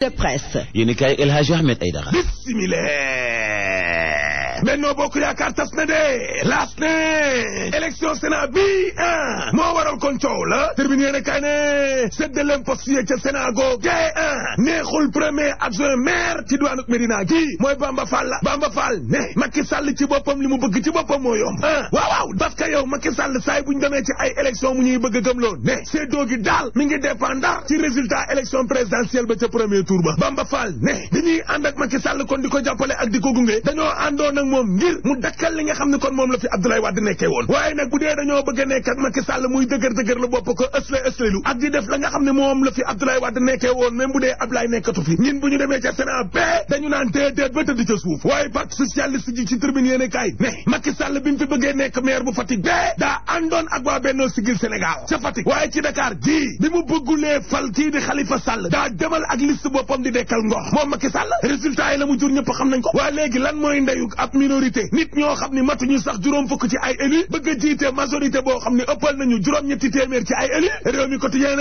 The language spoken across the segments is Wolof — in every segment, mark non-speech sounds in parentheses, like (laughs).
de presse. yéen kay El Hadj Ahmed Aïdara. bismillah. Benno Bokk Yaakaar tas na de laas ne élection Sénat bi a moo waral kon coow la terminé yéen a kaay ne c'est de l'imposture ca Sénat googu neexul premier adjoint maire ci diwaanu Medina gii mooy Bamba Fall la Bamba Fall ne Macky Sall ci boppam li mu bëgg ci boppam moo yomb ah waaw waaw parce que yow Macky Sall saay bu ñu demee ci ay élection mu ñuy bëgg a gëmloo ne seddoo gi daal mi ngi dépendant ci résultat élection présidentielle ba ca premier tour ba Bamba Fall ne bi ñuy ànd ak Macky Sall kon di ko jàppale ak di ko gunge dañoo àndoon ak moom ngir mu dakkal li nga xam ne kon moom la fi Abdoulaye Wade nekkee woon waaye nag bu dee a bopp ko ësle ne moom la fi Abdoulaye Wade nekkee woon Ablaye nekkatu fi ñin bu ñu demee ca Sénat ba dañu naan déedéet ba tëdd ca suuf waaye parti socialiste ji ci tribune yéene kaay ne Macky Sall bi mu fi bëggee nekk maire bu Fatick ba daa àndoon ak waa Benno Siggil Sénégal ca Fatick waaye ci Dakar ji bi mu bëggulee fal kii di Khalifa Sall daa demal ak liste boppam di dekkal ngox moom Macky Sall résultat yi la mu jur ñëpp xam nañ ko waa léegi lan mooy ndeyu ab minorité nit ñoo xam ni matuñu sax juróom fukk ci ay élu bëgg a jiite majorité boo xam ni ëppal nañu juróom-ñetti téeméer ci ay élu réew mi quotidien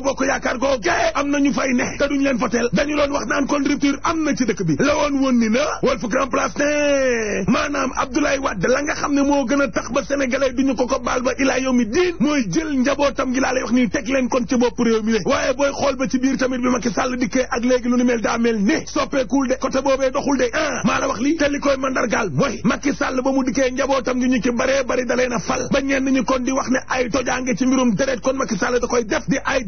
Bokk Yaakaar jaay am na ñu fay ne te duñ leen foteel dañu loon wax naan kon rupture am na ci dëkk bi la woon woon ni na Walf Grand Place ne maanaam Abdoulaye Wade la nga xam ne moo gën a tax ba sénégalais duñu ko ko baal ba ilaa yow mi diin mooy jël njabootam gi laa lay wax nii teg leen kon ci bopp réew mi le waaye booy xool ba ci biir tamit bi Macky Sall dikkee ak léegi lu ni mel daa mel ne soppeekul de côté boobee doxul de ah, maa la wax li te li koy mandargaal mooy Macky Sall ba mu dikkee njabootam gi ñu ci baree bari da leen a fal ba ñenn ñi kon di wax ne ay tojaange ci mbirum deret kon Macky Sall da koy def di ay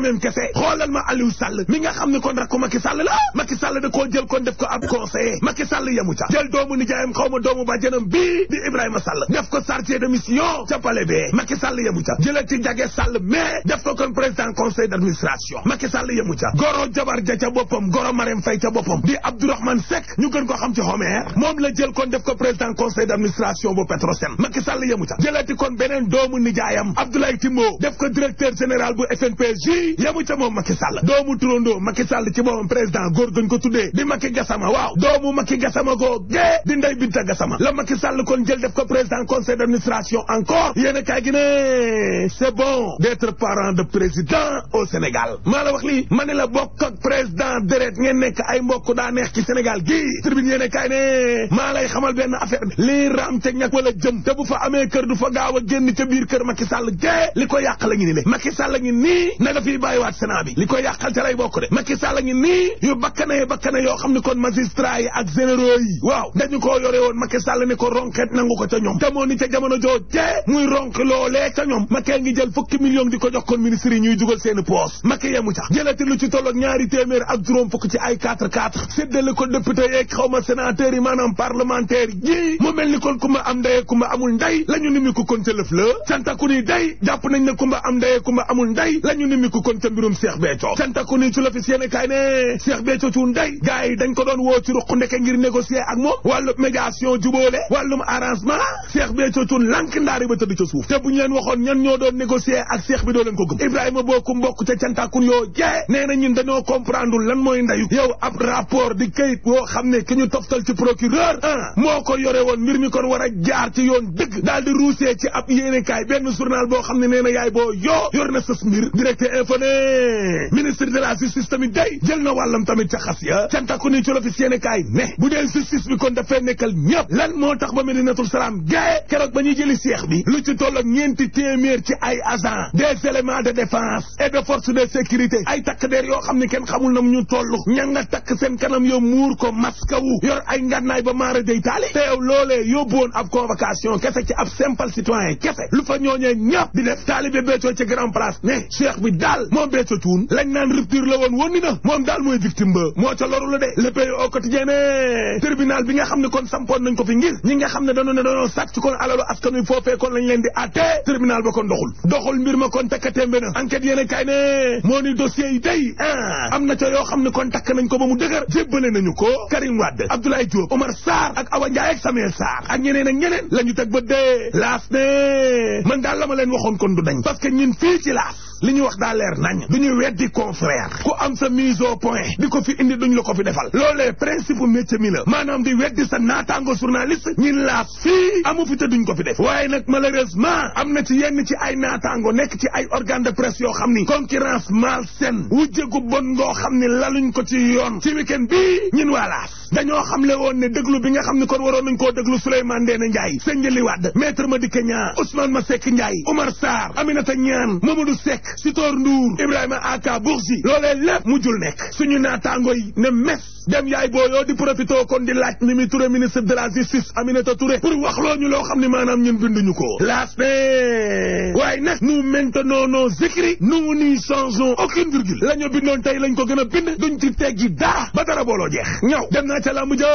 ma Aliou Sall da koo jël kon def ko ab conseiller Macky Sall yamu ca jël doomu jage Sall mais def ko kon président conseil d' administration Macky Sall yamu ca goro jabar ja ca boppam goro Marème Faye ca boppam di Abdourahmane Seck ñu gën ko xam ci Homer moom la jël kon def ko président conseil d' bu Petrosen Macky Sall yamu ca jëlati kon beneen doomu nijaayam Abdoulaye Timbo def ko directeur général bu FNPJ yamu ca moom Macky Sall doomu turandoo Macky Sall ci boppam président góor gën ko tuddee di Macky Gassama waaw doomu Macky Gassama koo gée di Ndeye Binta Gassama la Macky Sall kon jël def ko président conseil d'administration encore yéen a kaay gi ne c'est bon d'être parent de président au Sénégal maa la wax li ma ne la bokk ak président déret ngeen nekk ay mbokk daa neex ci Sénégal gii tribune yéen a kaay ne maa xamal benn affaire bi lii raam ca ñàkk wala jëm te bu fa amee kër du fa gaaw a kër Macky Sall gée li ko yàq nañu bàyyiwaat Sénat bi li koy yàqal ca lay bokk de Macky Sall ngi nii yu bakkanee bakkane yoo xam ne kon magistrat ak généraux waaw dañu koo yore woon Macky Sall ni ko ronket nangu ko ca ñoom te ni ca jamono jooj te muy ronk loolee ca ñoom Macky ngi jël fukki million di ko jox kon ministres yi ñuy dugal seeni poos Macky yemu ca jëlati lu ci tolloog ñaari téeméer ak juróom fukk ci ay 4 4 séddale ko député yeeg xaw ma sénateurs yi ma am ndey ku ma amul la ñu nimiku kon ca lëf kon ca mbirum Cheikh Béthio cantaku ni ci l'office yéen kaay ne Cheikh Béthio Thioune day gars yi dañ ko doon woo ci ruq ndeke ngir négocier ak moom wàllum médiation jubóole wàllum arrangement Cheikh Béthio Thioune lank ndaari ba tëdd ca suuf te bu ñu waxoon ñan ñoo doon négocier ak Cheikh bi doo leen ko gëm Ibrahima bokku mbokk ca cantakun yoo jee nee na ñun dañoo comprendre lan mooy ndayu yow ab rapport di kayit woo xam ne ki ñu toftal ci procureur moo ko yore woon mbir a ne ministre de la justice tamit day jël na wàllam tamit ca xas ya cantakku ni ci l'office yéene kaay ne bu dee justice bi kon dafay nekkal ñëpp lan moo tax ba Medinatul Salaam gaye keroog ba ñuy jëli seex bi lu ci toll ak ñeenti téeméer ci ay agents des éléments de défense et de force de sécurité ay takk der yoo xam ne kenn xamul na ñu toll ñan nga takk seen kanam yo muur ko maskawu yor ay ngànnaay ba maar dey taali te yow loolee yóbbuwoon ab convocation kese ci ab simple citoyen kese lu fa ñooñee ñëpp di def taalibe beccoo ci grand place ne cheikh daal moom Béthio Thioune lañ naan rupture la woon woon ni na moom daal mooy victime ba moo ca loru la de le pays au quotidien ne bi nga xam ne kon sampoon nañ ko fi ngir ñi nga xam ne dañoo ne dañoo sàcc kon alalu askan wi foofee kon lañ leen di àtte tribunal ba kon doxul doxul mbir ma kon tekkatémbe na enquête yéen kay ne moo ni dossier yi day ah am na ca yoo xam ne kon takk nañ ko ba mu dëgër jébbale nañu ko Karim Wade Abdoulaye Diop Omar Sarr ak Awa Ndiaye ak ñeneen la ñu teg ba dee laas ne man daal ma leen waxoon kon du dañ parce que li ñuy wax daa leer nañ duñu weddi confrère ku am sa mise au point di ko fi indi duñ la ko fi defal loolee principe métier mi la maanaam di weddi sa naataango journaliste ñin laa fii amu fi te ko fi def waaye nag malheureusement am na ci yenn ci ay naataango nekk ci ay organe de presse yoo xam ni concurrence malsaine wujjegu bon ngoo xam ni laluñ ko ci yoon ci week-end bii ñin waa laas dañoo xamle woon ne déglu bi nga xam ne kon waroon nañ koo déglu Souleymane Ndéné Ndiaye Sindiély Wade Maître Madické Niang Ousmane Masseck Ndiaye Oumar Sarr Aminata Niane Mamadou Seck nekk Sitor Ndour Ibrahima Aka Bourgi loolee lépp mujjul nekk suñu naataango yi ne mes dem yaay booyoo di profité kon di laaj Mimi Touré ministre de la justice Aminata Touré pour wax loo ñu loo xam ne maanaam ñun binduñu ko laas tey nag nous maintenons nos écrits nous n'y changeons aucune virgule la ñu bindoon tey lañ ko gën a bind dañu ci teggi dara ba dara booloo jeex ñaw dem naa ca làmb ja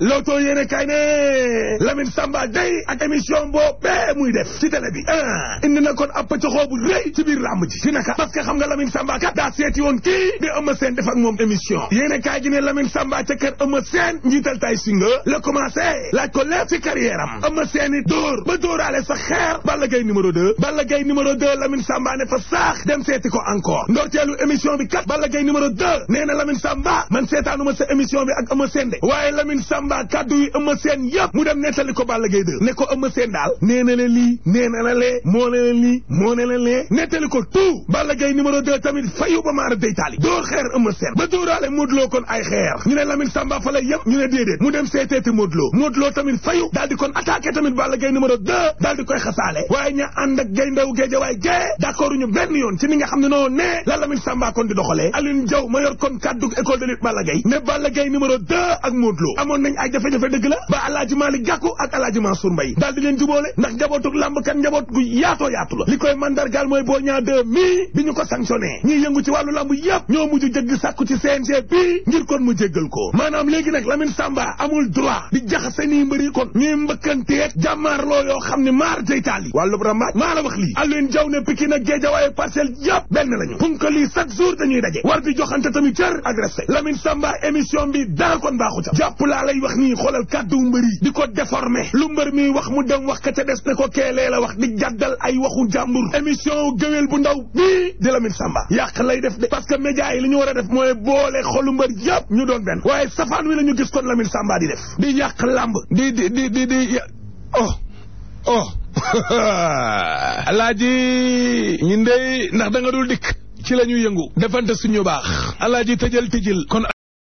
lootoo yéene kay ne Lamine Samba day ak émission boobee muy def ci télé bi ah indi na kon ab pëccaxoo bu rëy ci biir làmb ji si naka parce que xam nga Lamine Samba kat daa seeti woon kii di Eumeu Sène def ak moom émission yéene kaay gi ne Lamine Samba ca kër Eumeu Sène njiital tay singa la commencé laaj ko am Eumeu Sène yi dóor ba dóoraale sa Balla Gaye numéro 2 Lamine Samba ne fa saax dem seeti ko encore ndorteelu émission bi kat Balla Gaye numéro 2 nee na Lamine Samba man seetaanuma sa émission bi ak Eumeu Sène de waaye Lamine Samba kaddu yi Eumeu Sène yëpp mu dem nettali ko Balla Gaye 2 ne ko Eumeu Sène daal nee na la lii na la lee moo ne la lii moo ne la lee nettali ko tout Balla Gaye numéro 2 tamit fayu ba maara deytaali doo xeer Eumeu Sène ba dóoraale Modou Lo kon ay xeer ñu ne Lamine Samba fa lay yëpp ñu ne déedéet mu dem seeteeti Modou Lo Modou Lo tamit fayu daal di kon attaqué tamit Balla Gaye numéro 2 daal di koy gay ndaw géejawaay gée d'accord ñu benn yoon ci ni nga xam ne noo ne la Lamine Samba kon di doxalee Alioune Diaw ma yor kon kaddu école de lutte Balla Gaye ne Balla Gaye numéro 2 ak Modou amoon nañ ay jafe-jafe dëgg la ba Alaaji Malick Gakou ak Alaaji Mansour Mbaye leen juboole ndax njabootug làmb kan njaboot gu yaatoo yaatu la li koy mandargaal mooy boo ñaa deux mii bi ñu ko sanctionné ñiy yëngu ci wàllu làmb yépp ñoo mujj jëgg sàkku ci CNG bi wax lii Alioune Diaw ne Pikine ak Guédiawaye Parcelles yëpp benn lañu punka lii chaque jour dañuy daje war di joxante tamit cër ak respect Samba émission bi dara kon baaxu ca jàpp laa lay wax nii xoolal kàddu mbër yi di ko déformé lu mi wax mu dem wax ka ca des ne ko keelee la wax di jàddal ay waxu jàmbur émission géwél bu ndaw bii di Lamine Samba yàq lay def de parce que média yi li ñu war a def mooy boole xolu mbër yëpp ñu doon benn waaye safaan wi la ñu gis kon Lamine Samba di def di yàq làmb di di di di di oh oh (laughs) alaaji ñun dey ndax da nga dul dikk ci la ñuy yëngu defante suñu baax alaaji tëjal tijil kon